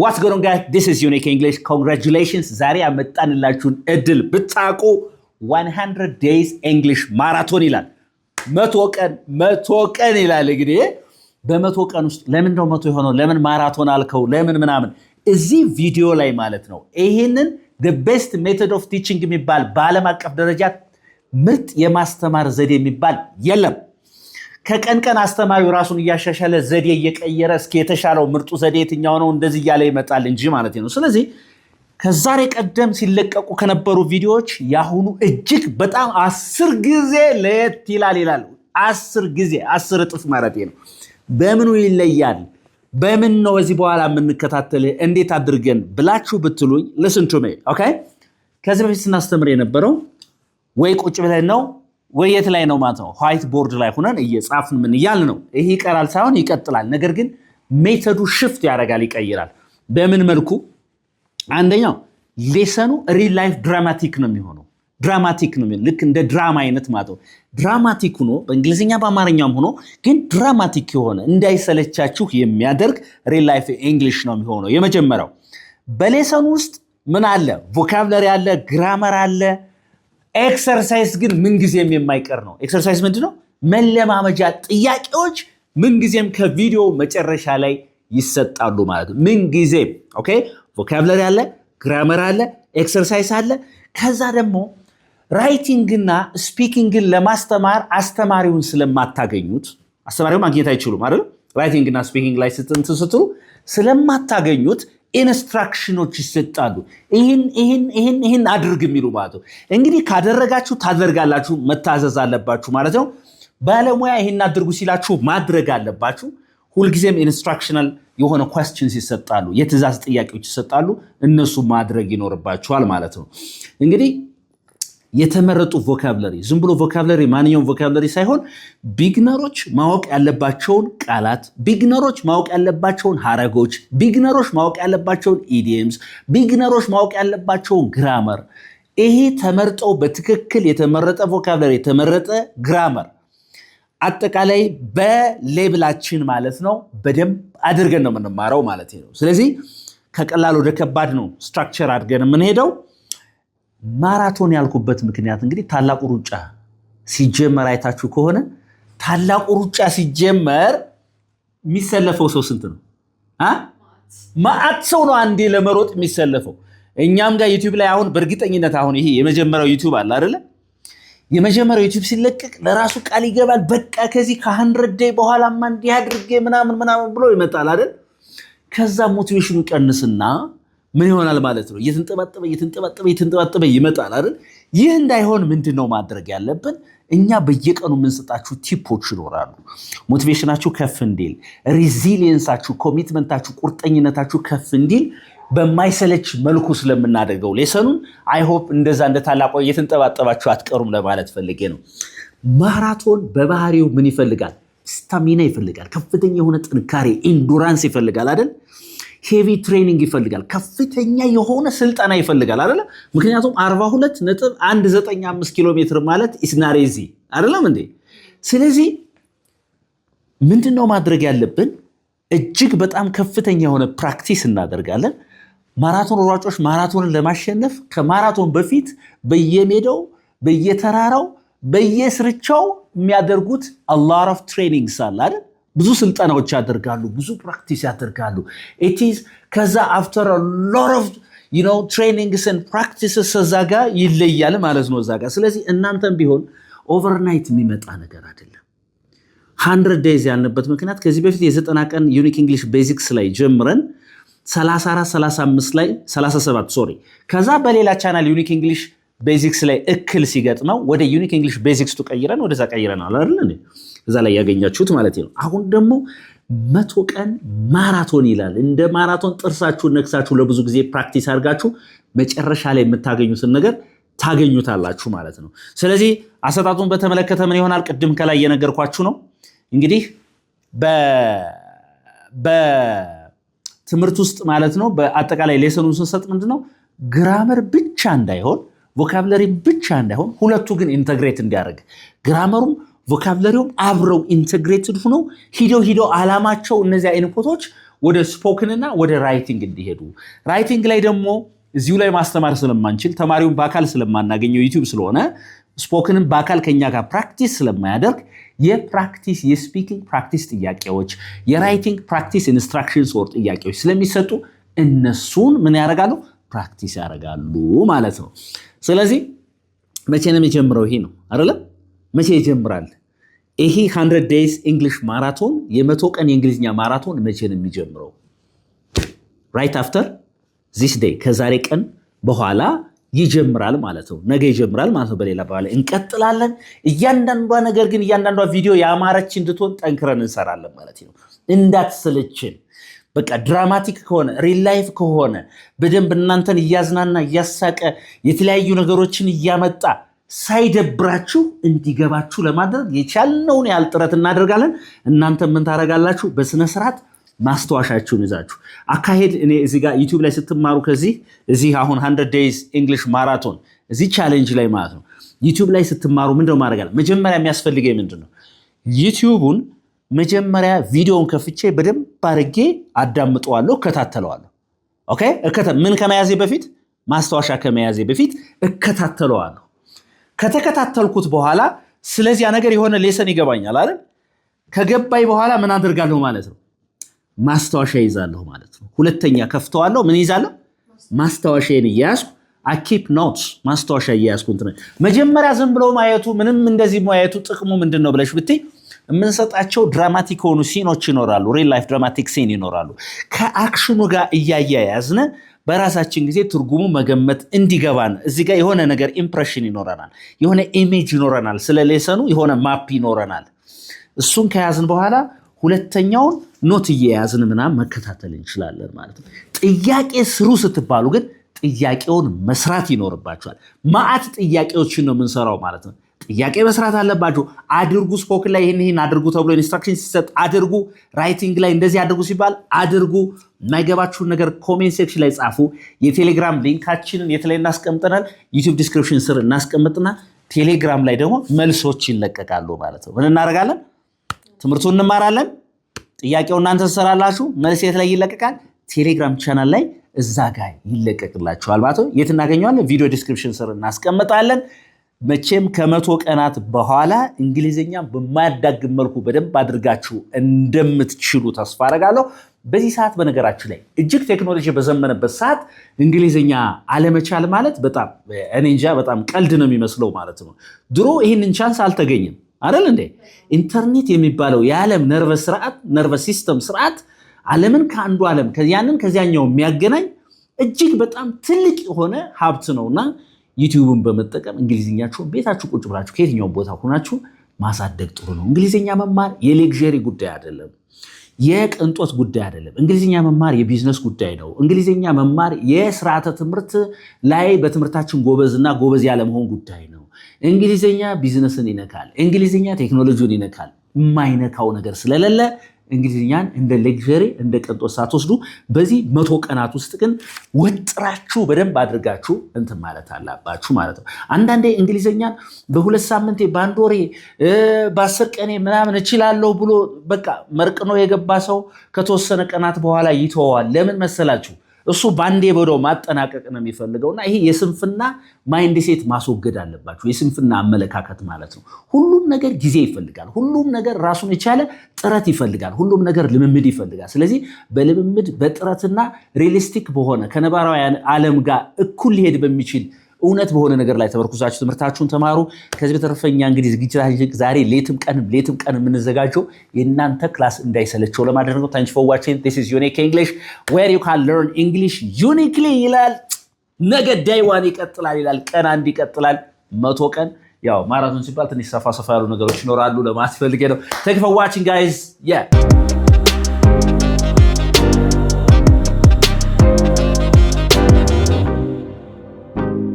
ዋትስ ጎን ጋ ዲስ ኢዝ ዩኒክ ኢንግሊሽ ኮንግራቹሌሽንስ። ዛሬ ያመጣንላችሁን እድል ብታውቁ 100 ዴይዝ ኢንግሊሽ ማራቶን ይላል። መቶ ቀን መቶ ቀን ይላል። እንግዲህ በመቶ ቀን ውስጥ ለምን ነው መቶ የሆነው? ለምን ማራቶን አልከው? ለምን ምናምን እዚህ ቪዲዮ ላይ ማለት ነው። ይህንን ቤስት ሜቶድ ኦፍ ቲችንግ የሚባል በዓለም አቀፍ ደረጃ ምርጥ የማስተማር ዘዴ የሚባል የለም። ከቀን ቀን አስተማሪው ራሱን እያሻሻለ ዘዴ እየቀየረ እስኪ የተሻለው ምርጡ ዘዴ የትኛው ነው እንደዚህ እያለ ይመጣል እንጂ ማለት ነው። ስለዚህ ከዛሬ ቀደም ሲለቀቁ ከነበሩ ቪዲዮዎች የአሁኑ እጅግ በጣም አስር ጊዜ ለየት ይላል ይላሉ። አስር ጊዜ አስር እጥፍ ማለት ነው። በምኑ ይለያል? በምን ነው እዚህ በኋላ የምንከታተል እንዴት አድርገን ብላችሁ ብትሉኝ፣ ልስንቱሜ ኦኬ። ከዚህ በፊት ስናስተምር የነበረው ወይ ቁጭ ብለን ነው ወይ የት ላይ ነው ማለት ነው? ዋይት ቦርድ ላይ ሆነን እየጻፍን ምን እያል ነው? ይሄ ይቀራል ሳይሆን ይቀጥላል። ነገር ግን ሜተዱ ሽፍት ያደርጋል፣ ይቀይራል። በምን መልኩ? አንደኛው ሌሰኑ ሪል ላይፍ ድራማቲክ ነው የሚሆነው። ድራማቲክ ነው ልክ እንደ ድራማ አይነት ማለት ነው። ድራማቲክ ሆኖ በእንግሊዝኛ በአማርኛም ሆኖ ግን ድራማቲክ የሆነ እንዳይሰለቻችሁ የሚያደርግ ሪል ላይፍ እንግሊሽ ነው የሚሆነው። የመጀመሪያው በሌሰኑ ውስጥ ምን አለ? ቮካብለሪ አለ፣ ግራመር አለ ኤክሰርሳይዝ ግን ምንጊዜም የማይቀር ነው። ኤክሰርሳይዝ ምንድን ነው? መለማመጃ ጥያቄዎች ምንጊዜም ከቪዲዮ መጨረሻ ላይ ይሰጣሉ ማለት ነው። ምንጊዜም ኦኬ። ቮካብለሪ አለ፣ ግራመር አለ፣ ኤክሰርሳይዝ አለ። ከዛ ደግሞ ራይቲንግና ስፒኪንግን ለማስተማር አስተማሪውን ስለማታገኙት አስተማሪውን ማግኘት አይችሉም አይደል? ራይቲንግና ስፒኪንግ ላይ ስትሉ ስለማታገኙት ኢንስትራክሽኖች ይሰጣሉ። ይህን ይህን ይህን ይህን አድርግ የሚሉ ማለት ነው። እንግዲህ ካደረጋችሁ ታደርጋላችሁ፣ መታዘዝ አለባችሁ ማለት ነው። ባለሙያ ይህን አድርጉ ሲላችሁ ማድረግ አለባችሁ። ሁልጊዜም ኢንስትራክሽናል የሆነ ኳስችንስ ይሰጣሉ፣ የትእዛዝ ጥያቄዎች ይሰጣሉ። እነሱ ማድረግ ይኖርባችኋል ማለት ነው እንግዲህ የተመረጡ ቮካብለሪ ዝም ብሎ ቮካብለሪ ማንኛውም ቮካብለሪ ሳይሆን ቢግነሮች ማወቅ ያለባቸውን ቃላት፣ ቢግነሮች ማወቅ ያለባቸውን ሀረጎች፣ ቢግነሮች ማወቅ ያለባቸውን ኢዲየምስ፣ ቢግነሮች ማወቅ ያለባቸውን ግራመር ይሄ ተመርጠው በትክክል የተመረጠ ቮካብለሪ የተመረጠ ግራመር አጠቃላይ በሌብላችን ማለት ነው በደንብ አድርገን ነው የምንማረው ማለት ነው። ስለዚህ ከቀላል ወደ ከባድ ነው ስትራክቸር አድርገን የምንሄደው። ማራቶን ያልኩበት ምክንያት እንግዲህ ታላቁ ሩጫ ሲጀመር አይታችሁ ከሆነ ታላቁ ሩጫ ሲጀመር የሚሰለፈው ሰው ስንት ነው? ማአት ሰው ነው አንዴ ለመሮጥ የሚሰለፈው። እኛም ጋር ዩቲዩብ ላይ አሁን በእርግጠኝነት አሁን ይሄ የመጀመሪያው ዩቲዩብ አለ አይደለ? የመጀመሪያው ዩቲዩብ ሲለቀቅ ለራሱ ቃል ይገባል። በቃ ከዚህ ከሀንድረድ ደይ በኋላማ እንዲህ አድርጌ ምናምን ምናምን ብሎ ይመጣል አይደል? ከዛ ሞቲቬሽኑ ቀንስና ምን ይሆናል ማለት ነው? እየተንጠባጠበ እየተንጠባጠበ እየተንጠባጠበ ይመጣል አይደል? ይህ እንዳይሆን ምንድን ነው ማድረግ ያለብን? እኛ በየቀኑ የምንሰጣችሁ ቲፖች ይኖራሉ። ሞቲቬሽናችሁ ከፍ እንዲል፣ ሪዚሊየንሳችሁ፣ ኮሚትመንታችሁ፣ ቁርጠኝነታችሁ ከፍ እንዲል በማይሰለች መልኩ ስለምናደርገው ሌሰኑን አይሆፕ እንደዛ እንደታላቆ እየተንጠባጠባችሁ አትቀሩም ለማለት ፈልጌ ነው። ማራቶን በባህሪው ምን ይፈልጋል? ስታሚና ይፈልጋል። ከፍተኛ የሆነ ጥንካሬ ኢንዱራንስ ይፈልጋል አይደል? ሄቪ ትሬኒንግ ይፈልጋል። ከፍተኛ የሆነ ስልጠና ይፈልጋል አይደለ? ምክንያቱም 42 ነጥብ 195 ኪሎ ሜትር ማለት ኢስናሬዚ አይደለም እንዴ? ስለዚህ ምንድን ነው ማድረግ ያለብን? እጅግ በጣም ከፍተኛ የሆነ ፕራክቲስ እናደርጋለን። ማራቶን ሯጮች ማራቶንን ለማሸነፍ ከማራቶን በፊት በየሜዳው በየተራራው በየስርቻው የሚያደርጉት አላር ኦፍ ትሬኒንግስ አለ አይደል? ብዙ ስልጠናዎች ያደርጋሉ፣ ብዙ ፕራክቲስ ያደርጋሉ። ኢትዝ ከዛ አፍተር ሎት ኦፍ ትሬኒንግስን ፕራክቲስስ እዛ ጋ ይለያል ማለት ነው እዛ ጋ። ስለዚህ እናንተም ቢሆን ኦቨርናይት የሚመጣ ነገር አይደለም። ሀንድረድ ዴይዝ ያልንበት ምክንያት ከዚህ በፊት የዘጠና ቀን ዩኒክ እንግሊሽ ቤዚክስ ላይ ጀምረን 34 35 ላይ 37 ሶሪ ከዛ በሌላ ቻናል ዩኒክ እንግሊሽ ቤዚክስ ላይ እክል ሲገጥመው ወደ ዩኒክ እንግሊሽ ቤዚክስ ቱ ቀይረን ወደዛ ቀይረናል አይደል? እዛ ላይ ያገኛችሁት ማለት ነው። አሁን ደግሞ መቶ ቀን ማራቶን ይላል። እንደ ማራቶን ጥርሳችሁን ነክሳችሁ ለብዙ ጊዜ ፕራክቲስ አድርጋችሁ መጨረሻ ላይ የምታገኙትን ነገር ታገኙታላችሁ ማለት ነው። ስለዚህ አሰጣጡን በተመለከተ ምን ይሆናል? ቅድም ከላይ እየነገርኳችሁ ነው። እንግዲህ በትምህርት ውስጥ ማለት ነው። በአጠቃላይ ሌሰኑን ስንሰጥ ምንድነው ግራመር ብቻ እንዳይሆን ቮካብለሪ ብቻ እንዳይሆን ሁለቱ ግን ኢንተግሬት እንዲያደርግ ግራመሩም ቮካብለሪውም አብረው ኢንተግሬትድ ሆኖ ሂደው ሂደው አላማቸው እነዚያ ኢንፑቶች ወደ ስፖክንና ወደ ራይቲንግ እንዲሄዱ ራይቲንግ ላይ ደግሞ እዚሁ ላይ ማስተማር ስለማንችል ተማሪውን በአካል ስለማናገኘው ዩቲዩብ ስለሆነ ስፖክንም በአካል ከኛ ጋር ፕራክቲስ ስለማያደርግ የፕራክቲስ የስፒኪንግ ፕራክቲስ ጥያቄዎች፣ የራይቲንግ ፕራክቲስ ኢንስትራክሽን ወር ጥያቄዎች ስለሚሰጡ እነሱን ምን ያደርጋሉ? ፕራክቲስ ያደርጋሉ ማለት ነው። ስለዚህ መቼ ነው የሚጀምረው? ይሄ ነው አይደለ? መቼ ይጀምራል? ይሄ 100 ዴይስ ኢንግሊሽ ማራቶን የመቶ ቀን የእንግሊዝኛ ማራቶን መቼ ነው የሚጀምረው? ራይት አፍተር ዚስ ዴይ ከዛሬ ቀን በኋላ ይጀምራል ማለት ነው። ነገ ይጀምራል ማለት ነው። በሌላ በኋላ እንቀጥላለን። እያንዳንዷ ነገር ግን እያንዳንዷ ቪዲዮ ያማረች እንድትሆን ጠንክረን እንሰራለን ማለት ነው። እንዳትሰለችን በቃ ድራማቲክ ከሆነ ሪል ላይፍ ከሆነ በደንብ እናንተን እያዝናና እያሳቀ የተለያዩ ነገሮችን እያመጣ ሳይደብራችሁ እንዲገባችሁ ለማድረግ የቻልነውን ያህል ጥረት እናደርጋለን። እናንተ ምን ታደርጋላችሁ? በስነ ስርዓት ማስታወሻችሁን ይዛችሁ አካሄድ። እኔ እዚህ ጋር ዩቲዩብ ላይ ስትማሩ ከዚህ እዚህ አሁን ሀንድረድ ዴይዝ እንግሊሽ ማራቶን እዚህ ቻሌንጅ ላይ ማለት ነው ዩቲዩብ ላይ ስትማሩ ምንድነው ማድረግ አለ መጀመሪያ የሚያስፈልገኝ ምንድን ነው ዩቲዩቡን መጀመሪያ ቪዲዮውን ከፍቼ በደንብ አድርጌ አዳምጠዋለሁ፣ እከታተለዋለሁ። ኦኬ ምን ከመያዜ በፊት ማስታወሻ ከመያዜ በፊት እከታተለዋለሁ። ከተከታተልኩት በኋላ ስለዚያ ነገር የሆነ ሌሰን ይገባኛል አይደል? ከገባኝ በኋላ ምን አደርጋለሁ ማለት ነው? ማስታወሻ ይዛለሁ ማለት ነው። ሁለተኛ ከፍተዋለሁ። ምን ይዛለሁ? ማስታወሻዬን እያያዝኩ አኪፕ ኖትስ ማስታወሻ እያያዝኩ እንትን መጀመሪያ ዝም ብሎ ማየቱ ምንም እንደዚህ ማየቱ ጥቅሙ ምንድን ነው ብለሽ ብትይ የምንሰጣቸው ድራማቲክ የሆኑ ሲኖች ይኖራሉ። ሪል ላይፍ ድራማቲክ ሲን ይኖራሉ። ከአክሽኑ ጋር እያያያዝን በራሳችን ጊዜ ትርጉሙ መገመት እንዲገባን እዚ ጋር የሆነ ነገር ኢምፕሬሽን ይኖረናል፣ የሆነ ኢሜጅ ይኖረናል፣ ስለ ሌሰኑ የሆነ ማፕ ይኖረናል። እሱን ከያዝን በኋላ ሁለተኛውን ኖት እየያዝን ምናምን መከታተል እንችላለን ማለት ነው። ጥያቄ ስሩ ስትባሉ ግን ጥያቄውን መስራት ይኖርባቸዋል። ማአት ጥያቄዎችን ነው የምንሰራው ማለት ነው። ጥያቄ መስራት አለባችሁ። አድርጉ፣ ስፖክን ላይ ይህን ይህን አድርጉ ተብሎ ኢንስትራክሽን ሲሰጥ አድርጉ፣ ራይቲንግ ላይ እንደዚህ አድርጉ ሲባል አድርጉ። የማይገባችሁን ነገር ኮሜንት ሴክሽን ላይ ጻፉ። የቴሌግራም ሊንካችንን የተለይ እናስቀምጠናል። ዩቲዩብ ዲስክሪፕሽን ስር እናስቀምጥና ቴሌግራም ላይ ደግሞ መልሶች ይለቀቃሉ ማለት ነው። ምን እናደርጋለን? ትምህርቱን እንማራለን። ጥያቄው እናንተ ትሰራላችሁ። መልስ የት ላይ ይለቀቃል? ቴሌግራም ቻናል ላይ እዛ ጋር ይለቀቅላችኋል ማለት ነው። የት እናገኘዋለን? ቪዲዮ ዲስክሪፕሽን ስር እናስቀምጣለን። መቼም ከመቶ ቀናት በኋላ እንግሊዝኛ በማያዳግም መልኩ በደንብ አድርጋችሁ እንደምትችሉ ተስፋ አረጋለሁ። በዚህ ሰዓት በነገራችን ላይ እጅግ ቴክኖሎጂ በዘመነበት ሰዓት እንግሊዝኛ አለመቻል ማለት በጣም እኔ እንጃ በጣም ቀልድ ነው የሚመስለው ማለት ነው። ድሮ ይህንን ቻንስ አልተገኘም አይደል እንዴ? ኢንተርኔት የሚባለው የዓለም ነርቨስ ስርዓት ነርቭ ሲስተም ስርዓት ዓለምን ከአንዱ ዓለም ያንን ከዚያኛው የሚያገናኝ እጅግ በጣም ትልቅ የሆነ ሀብት ነውና ዩቲዩብን በመጠቀም እንግሊዝኛችሁን ቤታችሁ ቁጭ ብላችሁ ከየትኛው ቦታ ሆናችሁ ማሳደግ ጥሩ ነው። እንግሊዝኛ መማር የሌግዠሪ ጉዳይ አይደለም፣ የቅንጦት ጉዳይ አይደለም። እንግሊዝኛ መማር የቢዝነስ ጉዳይ ነው። እንግሊዝኛ መማር የስርዓተ ትምህርት ላይ በትምህርታችን ጎበዝና ጎበዝ ያለመሆን ጉዳይ ነው። እንግሊዝኛ ቢዝነስን ይነካል። እንግሊዝኛ ቴክኖሎጂውን ይነካል። የማይነካው ነገር ስለሌለ እንግሊዝኛን እንደ ሌክዠሪ እንደ ቅንጦት ሳትወስዱ በዚህ መቶ ቀናት ውስጥ ግን ወጥራችሁ በደንብ አድርጋችሁ እንትን ማለት አላባችሁ ማለት ነው። አንዳንዴ እንግሊዝኛን በሁለት ሳምንቴ በአንድ ወሬ በአስር ቀኔ ምናምን እችላለሁ ብሎ በቃ መርቅኖ የገባ ሰው ከተወሰነ ቀናት በኋላ ይተወዋል። ለምን መሰላችሁ? እሱ በአንዴ ብሎ ማጠናቀቅ ነው የሚፈልገው እና ይሄ የስንፍና ማይንድ ሴት ማስወገድ አለባችሁ። የስንፍና አመለካከት ማለት ነው። ሁሉም ነገር ጊዜ ይፈልጋል። ሁሉም ነገር ራሱን የቻለ ጥረት ይፈልጋል። ሁሉም ነገር ልምምድ ይፈልጋል። ስለዚህ በልምምድ በጥረትና ሪሊስቲክ በሆነ ከነባራዊ ዓለም ጋር እኩል ሊሄድ በሚችል እውነት በሆነ ነገር ላይ ተመርኩዛችሁ ትምህርታችሁን ተማሩ። ከዚህ በተረፈ እኛ እንግዲህ ዝግጅታችን ዛሬ ሌትም ቀንም ሌትም ቀን የምንዘጋጀው የእናንተ ክላስ እንዳይሰለቸው ለማድረግ ነው። ታንች ፎዋችን ስ ዩኒክ እንግሊሽ ዌር ዩ ካን ለርን እንግሊሽ ዩኒክሊ ይላል። ነገ ዳይዋን ይቀጥላል ይላል። ቀን አንድ ይቀጥላል። መቶ ቀን ያው ማራቶን ሲባል ትንሽ ሰፋ ሰፋ ያሉ ነገሮች ይኖራሉ። ለማስፈልጌ ነው። ተክፈዋችን ጋይዝ